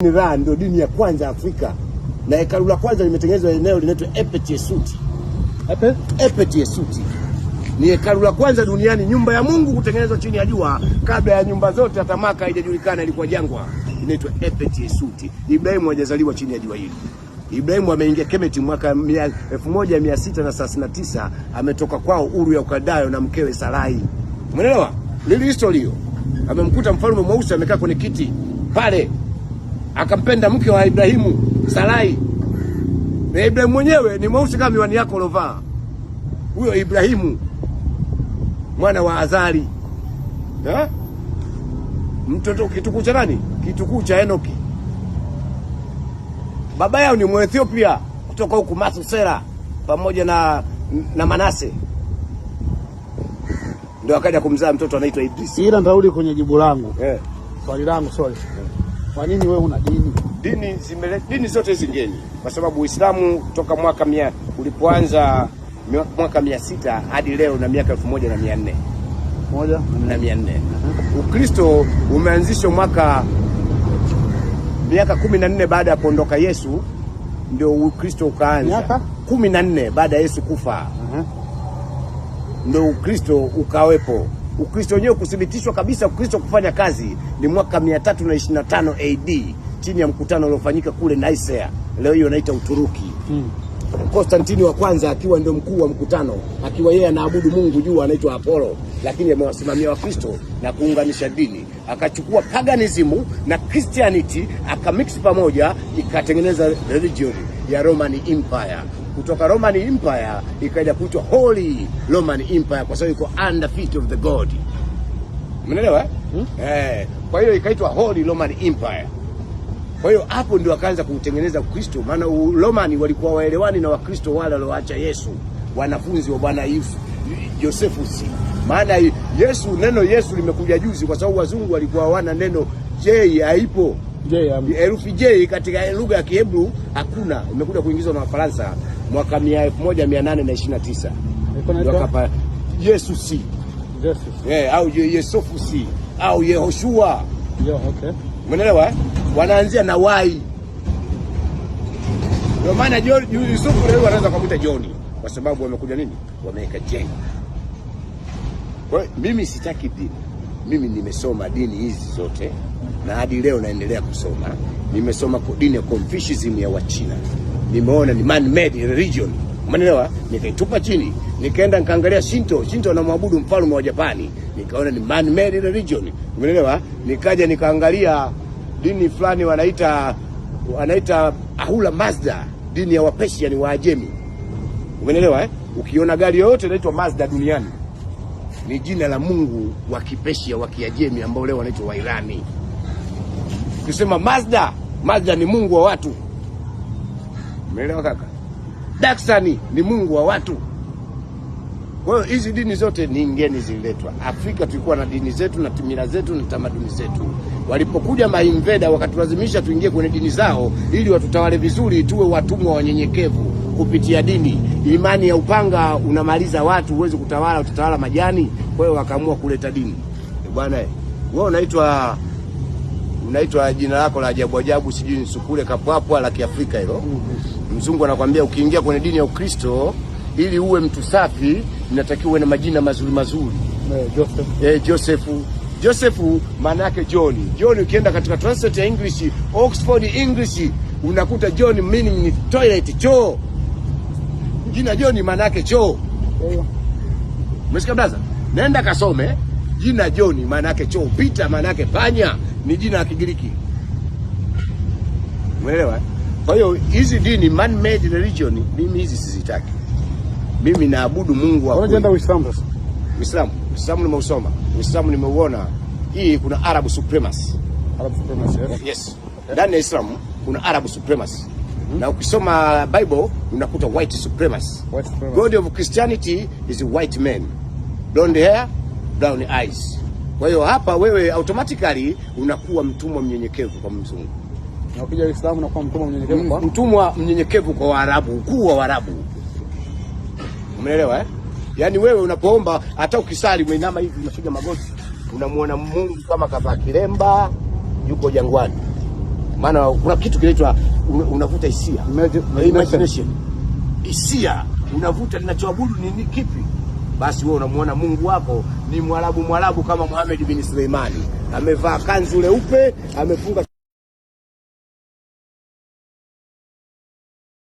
Dini Ra ndio dini ya kwanza Afrika na hekalu la kwanza limetengenezwa eneo linaitwa Epet Yesuti. Epet? Epet Yesuti ni hekalu la kwanza duniani, nyumba ya Mungu kutengenezwa chini ya jua. Kabla ya nyumba zote hata Maka haijajulikana, ilikuwa jangwa, inaitwa Epet Yesuti. Ibrahimu hajazaliwa chini ya jua hili. Ibrahimu ameingia Kemeti mwaka 1639 ametoka kwao Uru ya Ukadayo na mkewe Sarai. Umeelewa? Lili historia hiyo. Amemkuta mfalme mweusi amekaa kwenye kiti pale akampenda mke wa Ibrahimu Sarai, na Ibrahimu mwenyewe ni mweusi kama miwani yako lovaa. Huyo Ibrahimu mwana wa Azari ha? mtoto kitukuu cha nani? Kitukuu cha Enoki. Baba yao ni Mwethiopia kutoka huku Masusera pamoja na, na Manase ndio akaja kumzaa mtoto anaitwa Idris. Ila ntarudi kwenye jibu langu yeah. swali langu sorry yeah. Kwa nini wewe una dini? Dini zimele, dini zote zingeni kwa sababu Uislamu toka mwaka mia ulipoanza mwaka mia sita hadi leo na miaka elfu moja na mia nne moja na mia nne. Ukristo umeanzishwa mwaka miaka kumi na nne baada ya kuondoka Yesu ndio Ukristo ukaanza. Miaka kumi na nne baada ya Yesu kufa ndio Ukristo ukawepo. Ukristo wenyewe kuthibitishwa kabisa, Ukristo kufanya kazi ni mwaka 325 AD chini ya mkutano uliofanyika kule Nicaea, leo hiyo naita Uturuki hmm. Konstantini wa kwanza akiwa ndio mkuu wa mkutano, akiwa yeye anaabudu Mungu juu anaitwa Apollo, lakini amewasimamia Wakristo na kuunganisha dini. Akachukua paganism na Christianity akamix pamoja, ikatengeneza religion ya Roman Empire kutoka Roman Empire ikaja kuitwa Holy Roman Empire kwa sababu iko under feet of the god. Umeelewa? Eh? Hmm? Eh, kwa hiyo ikaitwa Holy Roman Empire. Kwa hiyo hapo ndio akaanza kutengeneza Ukristo, maana Romani walikuwa waelewani na Wakristo wale walioacha Yesu, wanafunzi wa Bwana Yosefusi. Maana Yesu, neno Yesu limekuja juzi, kwa sababu wazungu walikuwa hawana neno J, haipo herufi J katika lugha ya Kiebru, hakuna, imekuja kuingizwa na Wafaransa mwaka 1829 Yesu si yeah, eh, au Yesufu si au Yehoshua Yo, okay. Mwenelewa eh? wanaanzia na wai, ndio maana Yusufu leo wanaweza kumuita Joni kwa sababu wamekuja nini, wameweka j. Kwa mimi sitaki dini, mimi nimesoma dini hizi zote na hadi leo naendelea kusoma. Nimesoma dini ya Confucianism ya Wachina nimeona ni man made religion, umeelewa? Nikaitupa chini, nikaenda nikaangalia Shinto. Shinto mwabudu mfalme wa Japani, nikaona ni man made religion, umeelewa? Nikaja nikaangalia dini fulani wanaita wanaita Ahura Mazda, dini ya wapeshi ni Waajemi, umeelewa eh? Ukiona gari yoyote inaitwa Mazda duniani ni jina la mungu wa kipeshia wa Kiajemi ambao leo wanaitwa Wairani. Ukisema Mazda, Mazda ni mungu wa watu. Umeelewa kaka? Daksani ni mungu wa watu. Kwa hiyo hizi dini zote ni ngeni, zililetwa Afrika. Tulikuwa na dini zetu na timira zetu na tamaduni zetu. Walipokuja mainveda wakatulazimisha tuingie kwenye dini zao ili watutawale vizuri, tuwe watumwa wanyenyekevu kupitia dini. Imani ya upanga unamaliza watu, huwezi kutawala, utatawala majani. Kwa hiyo wakaamua kuleta dini. E bwana wewe unaitwa unaitwa jina lako la ajabu ajabu, sijui nsukule kapwapwa la Kiafrika hilo mm-hmm. Mzungu anakwambia ukiingia kwenye dini ya Ukristo ili uwe mtu safi, inatakiwa uwe na majina mazuri mazuri. Eh, Josefu eh, Josefu maana yake John. John ukienda katika translate ya English, Oxford English unakuta John meaning ni toilet, choo. Jina John maana yake choo. Eh. Umesikia brother? Nenda kasome jina John maana yake choo. Peter maana yake panya, ni jina la Kigiriki. Umeelewa? Eh? Kwa hiyo hizi dini man made religion mimi hizi sizitaki. Mimi naabudu Mungu wa kweli. Uislamu sasa. Uislamu, Uislamu nimeusoma. Uislamu nimeuona. Hii kuna Arab supremacy. Arab supremacy. Yeah. Yes. Ndani okay, ya islam kuna Arab supremacy. -hmm. Na ukisoma Bible unakuta white supremacy. White supremacy. God of Christianity is white men. Blonde hair, brown eyes. Kwa hiyo hapa wewe automatically unakuwa mtumwa mnyenyekevu kwa mzungu. Na ukija Uislamu unakuwa mtumwa mnyenyekevu mm, kwa mtumwa mnyenyekevu kwa Waarabu, ukuu wa Waarabu. Umeelewa eh? Yaani wewe unapoomba hata ukisali umeinama hivi unapiga magoti, unamwona Mungu kama kavaa kilemba yuko jangwani. Maana kuna kitu kinaitwa unavuta hisia. Imagination. Hisia unavuta ninachoabudu ni kipi? Basi wewe unamwona Mungu wako ni Mwarabu Mwarabu kama Muhammad bin Suleimani. Amevaa kanzu leupe, amefunga